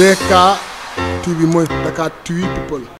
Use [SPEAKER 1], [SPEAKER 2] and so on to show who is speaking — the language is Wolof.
[SPEAKER 1] DK TV mooy Dakar TV people